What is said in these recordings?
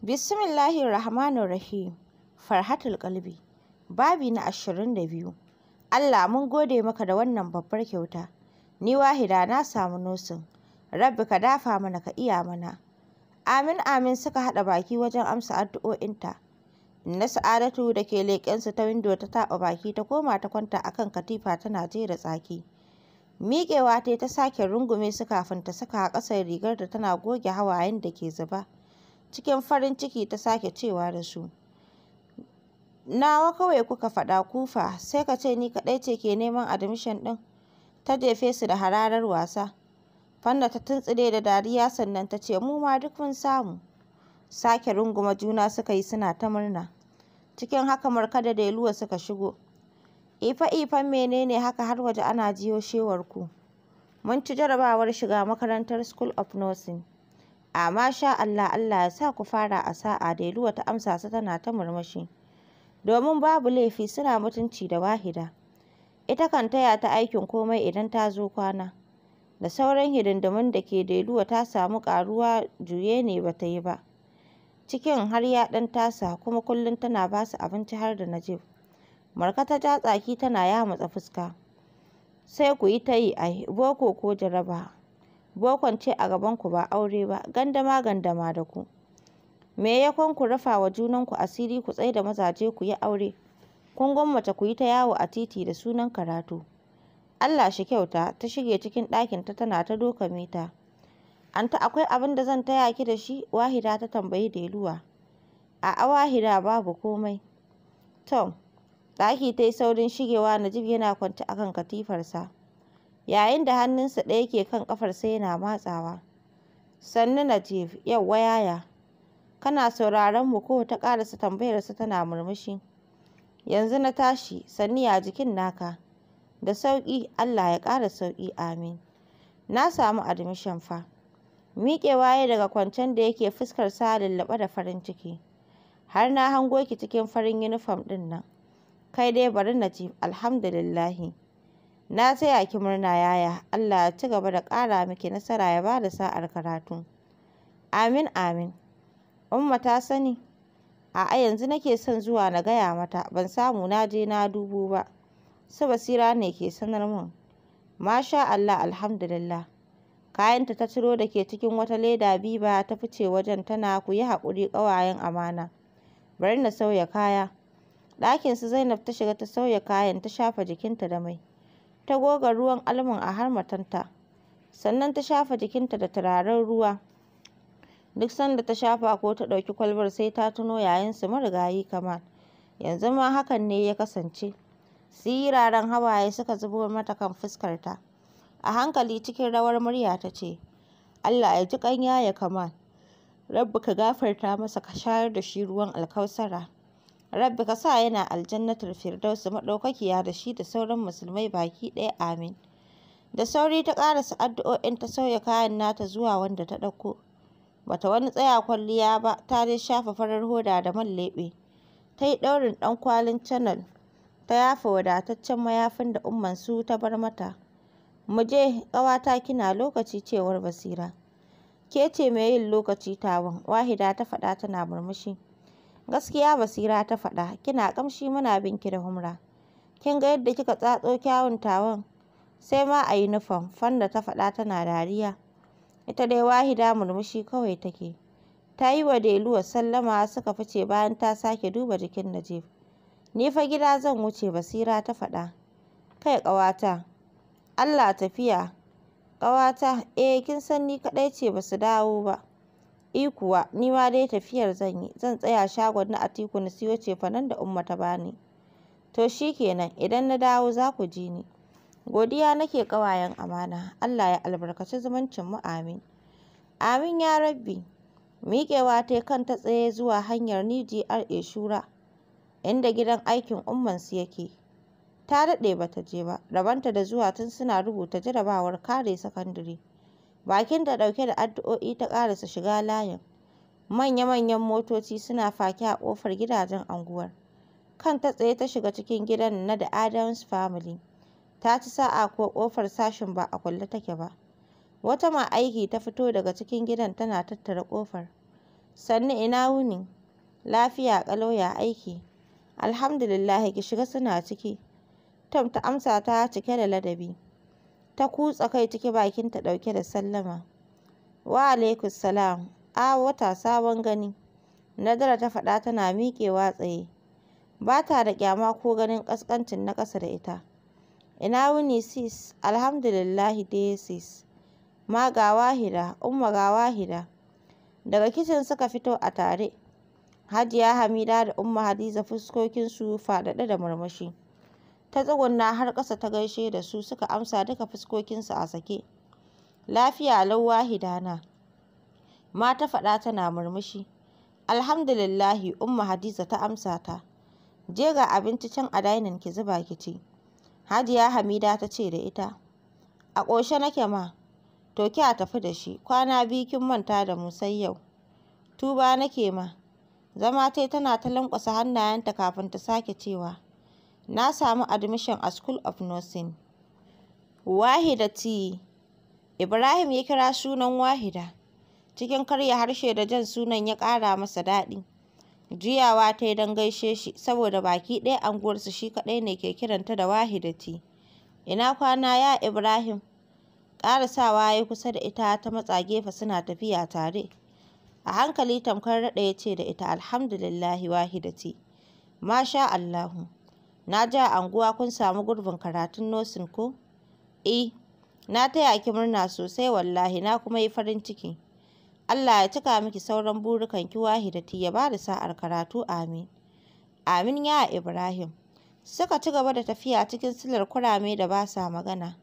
bismillahi Rahmanir Rahim. Farhatul Qalbi. Babi na biyu. Allah mun gode maka da wannan babbar kyauta. Ni wahida na samu nosin. Rabbi ka dafa mana ka iya mana. Amin amin suka haɗa baki wajen amsa addu'o'inta. Na sa'adatu da ke leƙensu ta windo ta taɓa baki ta koma ta kwanta akan katifa tana jera tsaki. Miƙewa ta ta sake rungume su kafin ta saka a ƙasar rigar da tana goge hawayen da ke zuba. cikin farin ciki ta sake cewa da su nawa kawai kuka faɗa kufa sai ka ce ni kaɗai ce ke neman admission ɗin ta jefe su da hararar wasa fanna ta tuntsire da dariya sannan ta ce mu ma duk mun samu sake runguma juna suka yi suna ta murna cikin haka marka da Deluwa suka shigo ifa-ifan menene haka har waje ana jiyo shewar ku mun ci jarabawar shiga makarantar school of nursing A sha Allah Allah ya sa ku fara a sa'a Dailuwa ta amsa sa tana ta murmushi. Domin babu laifi suna mutunci da wahida. Ita kan taya ta aikin komai idan ta zo kwana. Da sauran hidindimun da ke Dailuwa ta samu karuwa juye ne ba ta yi ba. Cikin har ya tasa kuma kullum tana ba su abinci har da Najib. Marka ta ja tsaki tana yamutsa fuska. Sai ku yi ta yi ai, boko ko jaraba. bokon ce a gabanku ba aure ba gandama gandama da ku me ya kwan ku rafa wa junanku asiri ku tsaye da mazaje ku yi aure kun gwammata ku yi ta yawo a titi da sunan karatu Allah shi kyauta ta shige cikin ɗakin ta tana ta doka mita anta akwai abin da zan taya ki da shi wahida ta tambayi deluwa a'a wahida babu komai tom ɗaki ta yi saurin shigewa najib yana kwance akan katifarsa yayin da hannunsa ɗaya ke kan ƙafar sai yana matsawa. Sannu Najib, yawwa yaya. Kana sauraron mu ko ta ƙarasa tambayarsa tana murmushi. Yanzu na tashi, sannu ya jikin naka. Da sauƙi, Allah ya ƙara sauƙi, amin. Na samu admission fa. Miƙewa ya daga kwancen da yake fuskar sa lallaɓa da farin ciki. Har na hango ki cikin farin yunifom ɗin nan. Kai dai bari Najib, alhamdulillahi. Na taya ki murna yaya, Allah ya ci gaba da ƙara miki nasara ya ba da sa'ar karatu. Amin amin. Umma ta sani? A'a yanzu nake son zuwa na gaya mata, ban samu na je na dubo ba. Su basira ne ke sanar min. Masha Allah alhamdulillah. Kayanta ta ciro da ke cikin wata leda biba ta fice wajen tana ku yi haƙuri ƙawayen amana. Bari na sauya kaya. ɗakin su Zainab ta shiga ta sauya kayan ta shafa jikinta da mai. ta goga ruwan almon a harmatanta sannan ta shafa jikinta da turaren ruwa duk sanda ta shafa ko ta ɗauki kwalbar sai ta tuno yayinsu marigayi kamar yanzu ma hakan ne ya kasance siraran hawaye suka zubo mata kan fuskarta a hankali cikin rawar murya ta ce allah ya ji ƙanya ya kamal rabbi ka gafarta masa ka shayar da shi ruwan alkausara Rabbi ka sa yana aljannatul firdausi maɗaukakiya da shi da sauran musulmai baki ɗaya amin. Da sauri ta ƙarasa addu'o'in ta sauya kayan nata zuwa wanda ta ɗauko. Bata wani tsaya kwalliya ba, ta dai shafa farar hoda da man leɓe. Ta yi ɗaurin ɗan kwalin canal, ta yafa wadataccen mayafin da umman su ta bar mata. Mu je ƙawata kina lokaci cewar Basira. Ke ce mai yin lokaci tawon Wahida ta faɗa tana murmushi. Gaskiya Basira ta faɗa, kina ƙamshi muna binki da humra. Kin ga yadda kika tsatso kyawun tawon? Sai ma a yi nufan, Fanda ta faɗa tana dariya. Ita dai Wahida murmushi kawai take. Ta yi wa Deluwa sallama suka fice bayan ta sake duba jikin Najib. Ni fa gida zan wuce Basira ta faɗa. Kai ƙawata, Allah tafiya. Ƙawata, eh kin san ni kaɗai ce basu dawo ba. I kuwa, ni ma dai tafiyar zan yi, zan tsaya shagon na Atiku na siyo cefanen da Umma ta ba ni. To shi kenan, idan na dawo za ku ji ni. Godiya nake ƙawayen amana, Allah ya albarkaci zumuncinmu amin. Amin ya rabbi. Miƙewa ta kan ta tsaye zuwa hanyar Ni GRA Shura, inda gidan aikin ummansu yake. Ta daɗe ba ta je ba, rabonta da zuwa tun suna rubuta jarabawar kare sakandare. bakin da ɗauke da addu'o'i ta ƙarasa shiga layin manya-manyan motoci suna faki a ƙofar gidajen anguwar kan ta tsaye ta shiga cikin gidan na da adams family ta ci sa'a ko ƙofar sashin ba a kulle take ba wata ma aiki ta fito daga cikin gidan tana tattara ƙofar sannu ina wuni lafiya ƙalau aiki alhamdulillah ki shiga suna ciki tom ta amsa ta cike da ladabi ta kutsa kai ciki bakinta ɗauke da sallama wa alaikus salam a wata sabon gani nadara ta faɗa tana miƙewa tsaye ba ta da kyama ko ganin ƙasƙancin na ƙasa da ita ina wuni sis alhamdulillahi dai sis ma ga wahida umma ga wahida daga kicin suka fito a tare hajiya hamida da umma hadiza fuskokinsu faɗaɗe da murmushi ta tsuguna har ƙasa ta gaishe da su suka amsa duka fuskokinsu a sake lafiya lau wahidana ma ta faɗa tana murmushi alhamdulillahi umma hadiza ta amsa ta je ga abinci can a dainin ki zuba ki ci hajiya hamida ta ce da ita a ƙoshe nake ma to ki a tafi da shi kwana biyu kin manta da mu sai yau tuba nake ma zama tai tana ta lankwasa hannayenta kafin ta sake cewa na samu admission a School of Nursing. Wahida T. Ibrahim ya kira sunan Wahida. Cikin karya harshe da jan sunan ya ƙara masa daɗi. Juyawa ta yi don gaishe shi saboda baki ɗaya anguwarsu shi kaɗai ne ke kiranta da Wahida T. Ina kwana ya Ibrahim? Ƙarasawa ya kusa da ita ta matsa gefe suna tafiya tare. A hankali tamkar raɗa ya ce da ita alhamdulillahi Wahida T. Masha Allahu. Na ji a anguwa kun samu gurbin karatun nosin ko? E, na taya ki murna sosai wallahi na kuma yi farin ciki. Allah ya cika miki sauran burukan ki da ya ba da sa'ar karatu amin. Amin ya Ibrahim. Suka ci gaba da tafiya cikin silar kurame da ba sa magana.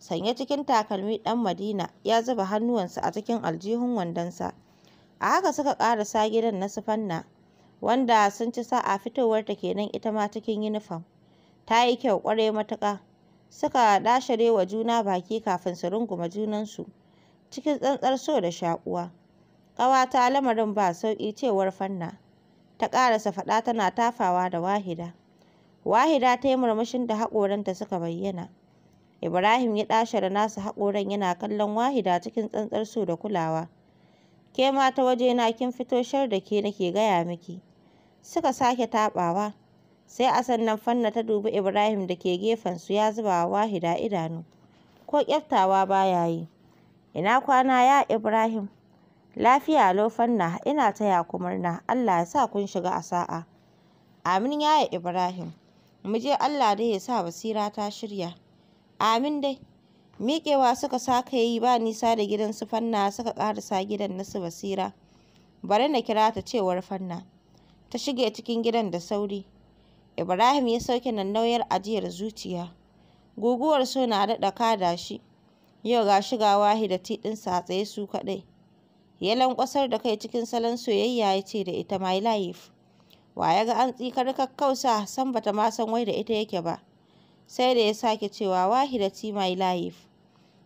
Sanye cikin takalmi ɗan Madina ya zuba hannuwansa a cikin aljihun wandonsa. A haka suka sa gidan na Sufanna. wanda sun ci sa'a fitowarta kenan ita ma cikin uniform Ta yi kyau kwarai matuƙa. Suka dashare wa juna baki kafin su runguma junansu cikin tsantsar so da shaƙuwa. Ƙawata lamarin ba sauƙi cewar Fanna. Ta ƙarasa faɗa tana tafawa da Wahida. Wahida ta yi murmushin da haƙoranta suka bayyana. Ibrahim ya da nasa haƙoran yana kallon Wahida cikin tsantsar so da kulawa. Ke ma ta wajena kin fito shar da ke nake gaya miki. suka sake taɓawa sai a sannan fanna ta dubi ibrahim da ke gefensu ya zuba wa wahida idanu ko kyaftawa baya yi ina kwana ya ibrahim lafiya lo fanna ina taya ku murna allah ya sa kun shiga a sa'a amin yaya ibrahim mu je allah dai ya sa basira ta shirya amin dai miƙewa suka sake yi ba nisa da gidan su fanna suka ƙarasa gidan nasu basira bari na kira ta cewar fanna ta shige cikin gidan da sauri. Ibrahim ya sauke nauyar ajiyar zuciya. Guguwar so na daɗa kada shi. Yau ga shiga da tiɗinsa a tsaye su kaɗai. Ya lankwasar da kai cikin salon soyayya ya ce da ita my life. Wa ya ga an tsikar kakkausa san bata ma san wai da ita yake ba. Sai da ya sake cewa "Wahi da ti my life.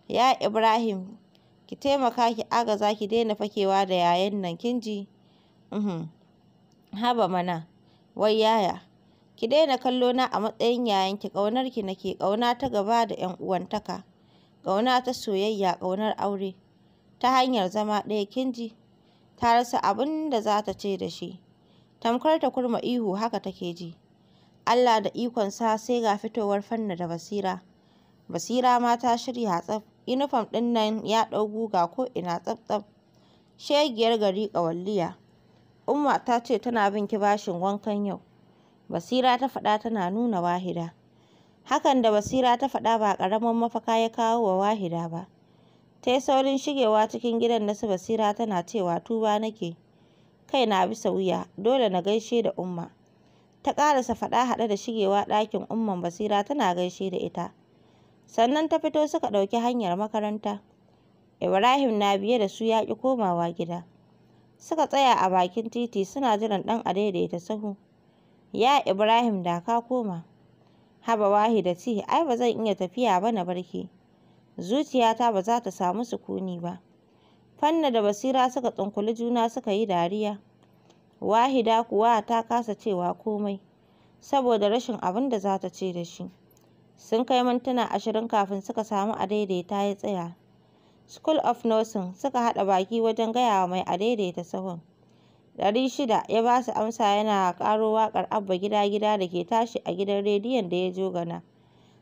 Ya Ibrahim ki taimaka ki agaza ki daina fakewa da yayan nan kin ji. Uhm. Haba mana, wai yaya, ki daina kallo na a matsayin yayanki, ki nake, ƙauna ta gaba da 'yan uwantaka, ƙauna ta soyayya, ƙaunar aure, ta hanyar zama ɗaya kin ji, ta rasa abin da za ta ce da shi, tamkar ta kurma ihu haka take ji. Allah da ikonsa sai ga fitowar Fanna da Basira. Basira ma ta shirya tsaf, inifom ɗin nan ya ɗau guga ko tsaf-tsaf, shegiyar gari ƙawalliya. Umma ta ce tana bin ki bashin wankan yau. Basira ta faɗa tana nuna Wahida. Hakan da Basira ta faɗa ba ƙaramin mafaka ya kawo wa Wahida ba. Ta yi saurin shigewa cikin gidan na su Basira tana cewa tuba nake. Kai na bisa wuya, dole na gaishe da Umma. Ta ƙarasa faɗa haɗe da shigewa ɗakin Umman Basira tana gaishe da ita. Sannan ta fito suka ɗauki hanyar makaranta. Ibrahim na biye da su ya ƙi komawa gida. suka tsaya a bakin titi suna jiran ɗan adaidaita sahu. Ya Ibrahim da ka koma. Haba ci ai ba zan iya tafiya ba na barki. Zuciyata ba za ta samu sukuni ba. Fanna da Basira suka tsunkuli juna suka yi dariya. Wahida kuwa ta kasa cewa komai saboda rashin abin da za ta ce da shi. Sun kai mintuna ashirin kafin suka samu adaidaita ya tsaya. School of Nursing suka haɗa baki wajen gaya wa mai adaidaita sahun. Ɗari shida ya ba su amsa yana ƙaro waƙar Abba Gida Gida da ke tashi a gidan rediyon da ya jo gana.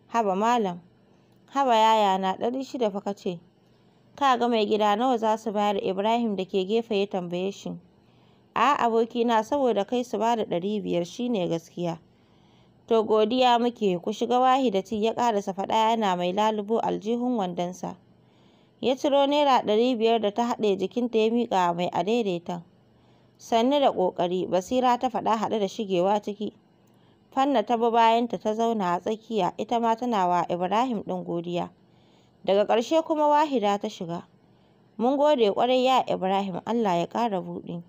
Haba malam, haba yaya na ɗari shida fa ka ce. Ka ga mai gida nawa za su bayar Ibrahim da ke gefe ya tambaye shi. A abokina saboda kai su ba da ɗari biyar shi ne gaskiya. To godiya muke ku shiga wahidaci ya ƙarasa faɗa yana mai lalubo aljihun wandonsa. Ya ciro naira ɗari biyar da ta haɗe jikinta ya miƙa wa mai adaidaitan. Sannu da ƙoƙari, Basira ta faɗa haɗe da shigewa ciki. Fanna ta bi bayanta ta zauna a tsakiya, ita ma tana wa Ibrahim ɗin godiya. Daga ƙarshe kuma Wahida ta shiga. Mun gode ƙwarai ya Ibrahim, Allah ya ƙara buɗi.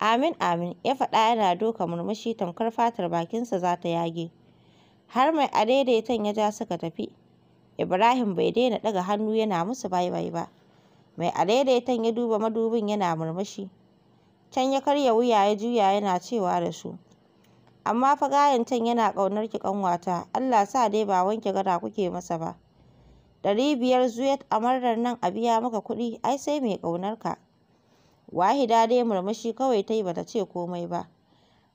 Amin amin, ya faɗa yana doka murmushi tamkar fatar bakinsa za ta yage. Har mai adaidaitan ya ja suka tafi. Ibrahim bai daina ɗaga hannu yana musu baibai ba. Mai adaidaitan ya duba madubin yana murmushi. Can ya karya wuya ya juya yana cewa da su. Amma fa gayan can yana ƙaunar ki ƙanwata, Allah sa dai ba wanke gada kuke masa ba. Ɗari biyar zuyat amarrar nan a biya maka kuɗi, ai sai mai ƙaunar ka. Wahida dai murmushi kawai ta yi bata ce komai ba.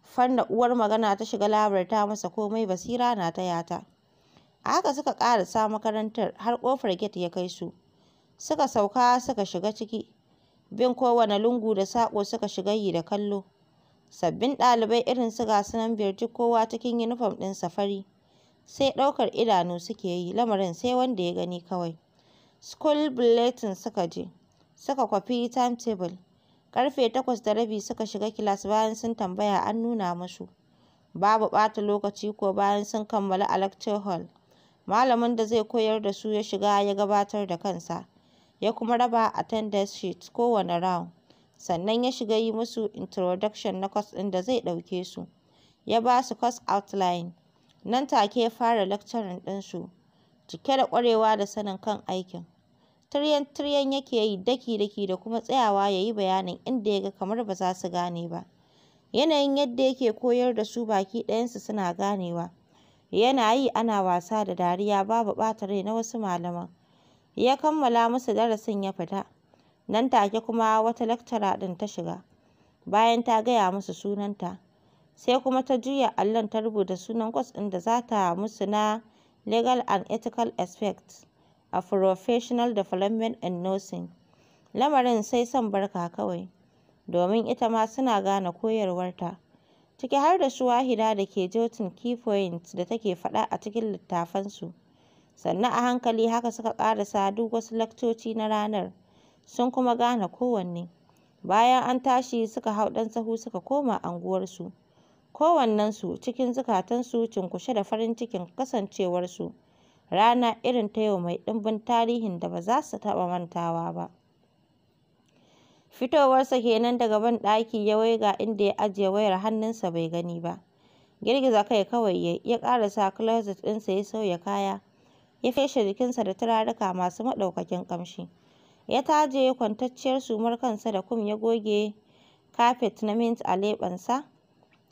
Fanna uwar magana ta shiga labarta masa komai basira na taya ta. a haka suka ƙarasa makarantar har ƙofar get ya kai su suka sauka suka shiga ciki bin kowane lungu da saƙo suka shiga yi da kallo sabbin ɗalibai irin su gasu nan duk kowa cikin yunifom ɗin fari. sai ɗaukar idanu suke yi lamarin sai wanda ya gani kawai school bulletin suka je suka kwafi timetable Karfe takwas da rabi suka shiga kilas bayan sun tambaya an nuna musu babu ɓata lokaci ko bayan sun kammala a lecture hall Malamin da zai koyar da su ya shiga ya gabatar da kansa, ya kuma raba attendance sheet kowane round, sannan ya shiga yi musu introduction na course ɗin da zai ɗauke su, ya ba su course outline, nan take ya fara lecturing ɗinsu, cike da ƙwarewa da sanin kan aikin. Tiryan-tiryan yake yi daki-daki da kuma tsayawa ya yi bayanin inda ya ga kamar ba za su gane ba. Yanayin yadda yake koyar da su baki ɗayansu suna ganewa. yana yi ana wasa da dariya babu ɓata rai na wasu malaman. Ya kammala musu darasin ya fita, nan take kuma wata lakcara ɗin ta shiga, bayan ta gaya musu sunanta, sai kuma ta juya allon ta rubuta sunan kwas ɗin da za ta musu na Legal and Ethical Aspects a Professional Development in Nursing. Lamarin sai son barka kawai, domin ita ma suna gane koyarwarta. ciki har da wahida da ke jotun key da take faɗa a cikin littafansu. Sannan a hankali haka suka ƙarasa duk wasu lakcoci na ranar, sun kuma gane kowanne. Bayan an tashi suka hau ɗan sahu suka koma anguwarsu. Kowannensu cikin zukatansu cunkushe da farin cikin kasancewarsu. Rana irin ta yau mai ɗimbin tarihin da ba za su taɓa mantawa ba. Fitowarsa kenan daga banɗaki ya waiga inda ya ajiye wayar hannunsa bai gani ba. Girgiza kai kawai ya ƙara ya ƙarasa closet ɗinsa ya sauya kaya, ya feshe jikinsa da turaruka masu maɗaukakin ƙamshi. Ya taje kwantacciyar sumar kansa da kum ya goge kafet na mint a leɓensa.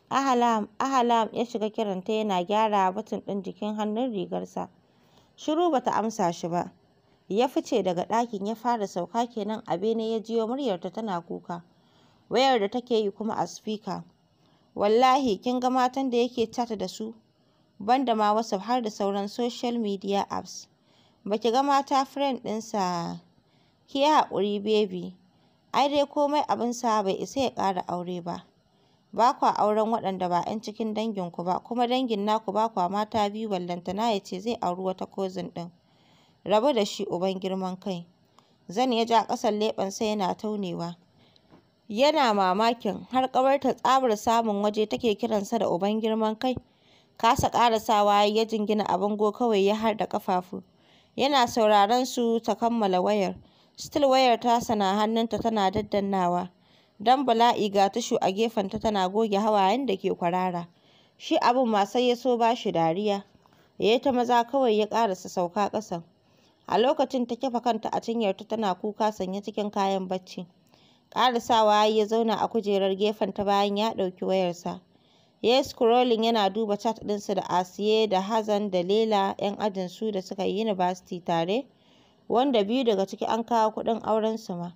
Ahalam, ahalam ya shiga kiranta yana gyara batun ɗin jikin hannun rigarsa. Shiru bata amsa shi ba. ya fice daga ɗakin ya fara sauka kenan a bene ya jiyo muryarta tana kuka wayar da take yi kuma a spika wallahi kin ga matan da yake chat da su banda ma whatsapp har da sauran social media apps baki ga mata friend ɗinsa ki haƙuri baby ai dai komai abin sa bai isa ya ƙara aure ba ba kwa auren waɗanda ba 'yan cikin danginku ba kuma dangin naku ba kwa mata biyu wallanta na ya ce zai auri wata cousin ɗin Rabu da shi uban girman kai. Zan ya ja ƙasan sai yana taunewa. Yana mamakin har ƙawarta tsabar samun waje take kiransa da uban girman kai. Kasa ƙarasawa ya jingina a bango kawai ya harda ƙafafu. Yana sauraron su ta kammala wayar. Still wayar tasa na hannunta tana daddannawa. Dan bala'i ga tushu a gefenta tana goge hawayen da ke kwarara. Shi abun ma sai ya so ba shi dariya. Ya ta maza kawai ya ƙarasa sauka ƙasan. a lokacin ta kifa kanta a cinyarta tana kuka sanye cikin kayan bacci ƙarisawa ya zauna a kujerar gefen ta bayan ya ɗauki wayarsa ya yi scrolling yana duba chat ɗinsu da asiye da hazan da lela 'yan ajin su da suka yi university tare wanda biyu daga ciki an kawo kuɗin auren su ma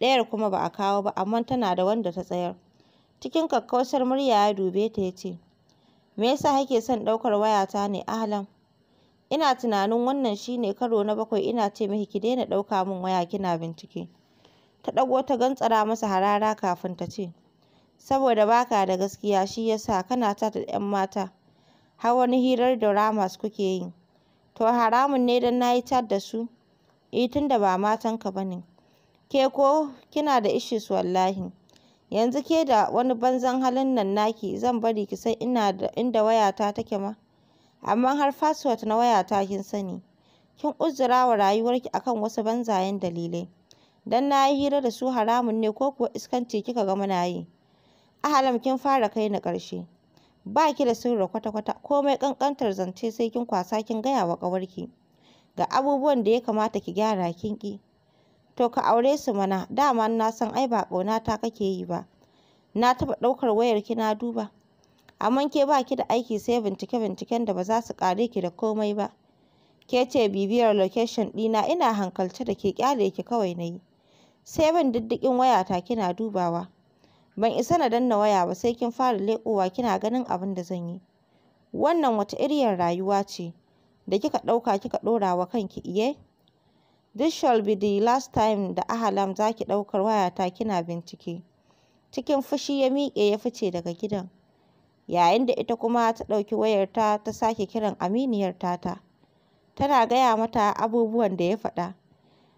ɗayar kuma ba a kawo ba amma tana da wanda ta tsayar cikin kakkausar murya ya dube ta ya ce me yasa kake son ɗaukar wayata ne ahlan Ina tunanin wannan shi ne karo na bakwai ina ce miki ki daina ɗauka min waya kina bincike. Ta ɗago ta gantsara masa harara kafin ta ce, saboda baka da gaskiya shi ya sa kana ta da ‘yan mata har wani hirar ramas kuke yi. To haramun ne don nayi yi cat da su? Eh tunda ba matanka ba ne. Ke ko kina da issues wallahi. Yanzu ke da wani banzan halin nan naki zan bari ki san inda wayata take ma. amma har password na waya ta kin sani. Kin uzura wa rayuwarki akan wasu banzayen dalilai. Dan na yi hira da su haramun ne ko kuwa iskanci kika ga muna yi. Ahalam kin fara kai na ƙarshe. Ba ki da sirri kwata-kwata komai kankantar zance sai kin kwasa kin gaya wa ƙawarki. Ga abubuwan da ya kamata ki gyara kin ƙi. To ka aure su mana dama na san ai ba ƙaunata kake yi ba. Na taɓa ɗaukar wayarki na duba. amma ke ba ki da aiki sai bincike-binciken da ba za su kare ki da komai ba. Ke ce bibiyar location ɗina ina hankalce da ke ƙyale ki kawai na yi. Sai bin diddigin wayata kina dubawa. Ban isa na danna waya ba sai kin fara leƙowa kina ganin abin da zan yi. Wannan wata iriyar rayuwa ce da kika ɗauka kika ɗora wa kanki iye? This shall be the last time da ahalam za ki ɗaukar wayata kina bincike. Cikin fushi ya miƙe ya fice daga gidan. yayin da ita kuma ta ɗauki wayarta ta sake kiran aminiyar tata tana gaya mata abubuwan da ya faɗa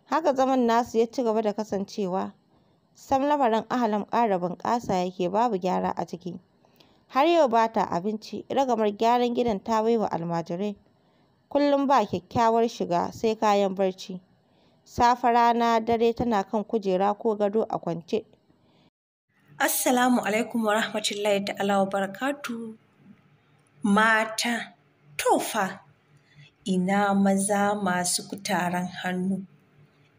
haka zaman nasu ya ci gaba da kasancewa sam lamarin ahalan ƙara bunƙasa yake babu gyara a ciki har yau ba ta abinci ragamar gyaran gidan ta wa almajirai kullum ba kyakkyawar shiga sai kayan barci safe rana dare tana kan kujera ko gado a kwance Assalamu alaikum wa rahmatullahi ta'ala wa barakatu. Mata, tofa, ina maza masu kutaren hannu,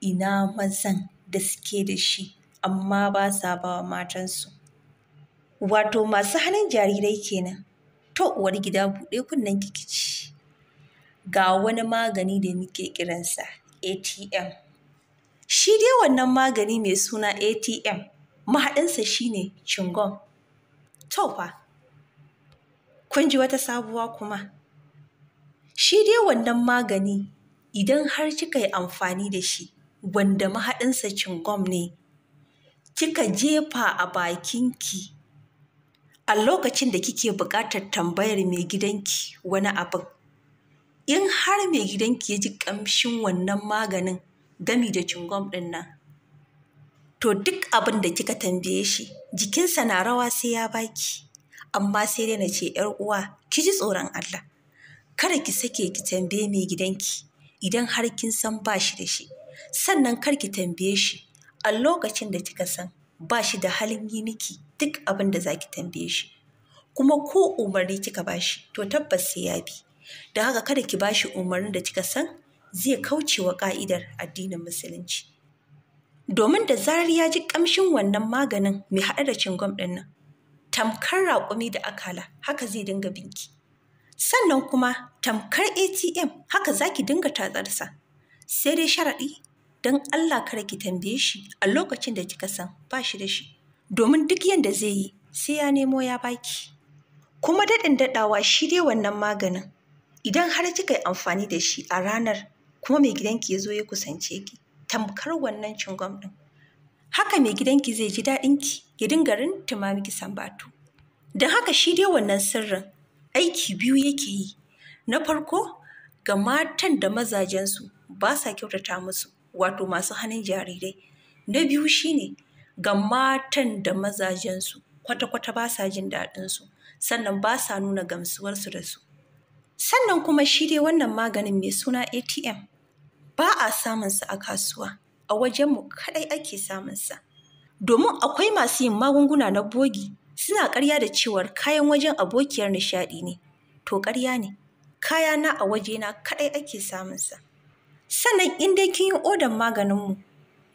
ina mazan da suke da shi, amma ba sa ba wa matansu. Wato masu hannun jarirai kenan, to uwar gida buɗe kunnen kikici. Ga wani magani da muke kiransa ATM. Shi dai wannan magani mai suna ATM. mahaɗinsa shine chingon. To fa, kun ji wata sabuwa kuma. Shi dai wannan magani idan har kika yi amfani da shi, wanda mahaɗinsa cingom ne, kika jefa a bakinki a lokacin da kike buƙatar tambayar mai gidanki wani abin. In har mai gidanki ya ji ƙamshin wannan maganin gami da cingom ɗin nan, to duk abin da kika tambaye shi jikinsa na rawa sai ya baki amma sai dai na ce ‘yar uwa ki ji tsoron Allah kada ki sake ki tambaye mai gidanki idan har kin san ba shi da shi sannan kar ki tambaye shi a lokacin da kika san ba shi da halin yi miki duk abin da zaki tambaye shi kuma ko umarni kika ba shi to tabbas sai ya bi da haka kada ki ba shi umarnin da kika san zai kauce wa ka'idar addinin musulunci domin da zarar ya ji ƙamshin wannan maganin mai haɗa da cingom ɗin nan tamkar raƙumi da akala haka zai dinga binki sannan kuma tamkar atm haka za ki dinga tatsarsa sai dai sharaɗi don allah kar ki tambaye shi a lokacin da kika san ba shi da shi domin duk yadda zai yi sai ya nemo ya baki kuma daɗin daɗawa shi dai wannan maganin idan har kika yi amfani da shi a ranar kuma mai gidanki ya zo ya kusance ki tamkar wannan cingom ɗin. Haka mai gidanki zai ji daɗinki ya dinga rintuma miki sambatu. Don haka shi dai wannan sirrin aiki biyu yake yi. Na farko ga matan da mazajensu ba sa kyautata musu wato masu hannun jarirai. Na biyu shi ne, ga matan da mazajensu kwata-kwata ba sa jin daɗinsu sannan ba sa nuna gamsuwarsu da su. Sannan kuma shi dai wannan maganin mai suna ATM ba a samun sa a kasuwa, a wajenmu kaɗai ake sa. Domin akwai masu yin magunguna na bogi suna ƙarya da cewar kayan wajen abokiyar nishaɗi ne, to ƙarya ne, Kaya na a wajena kaɗai ake samunsa. Sannan in dai kin yi odan maganinmu,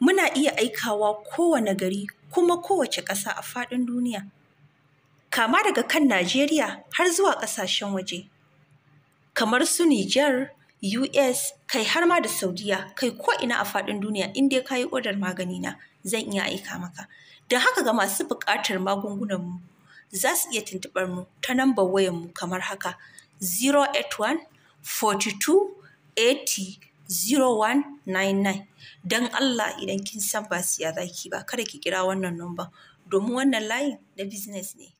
muna iya aikawa kowane gari kuma kowace ƙasa a faɗin duniya. Kama daga kan Najeriya har zuwa ƙasashen waje, kamar su Nijar, US, kai har ma da Saudiya, kai ko ina a faɗin duniya in dai ka yi odar magani na zan iya aika maka. Don haka ga masu buƙatar magungunan mu za su iya tuntuɓar mu ta nambar wayanmu mu kamar haka 081 42 80 0199 don Allah idan kin san ba siya zaki ba kada ki kira wannan number domin wannan layin na business ne.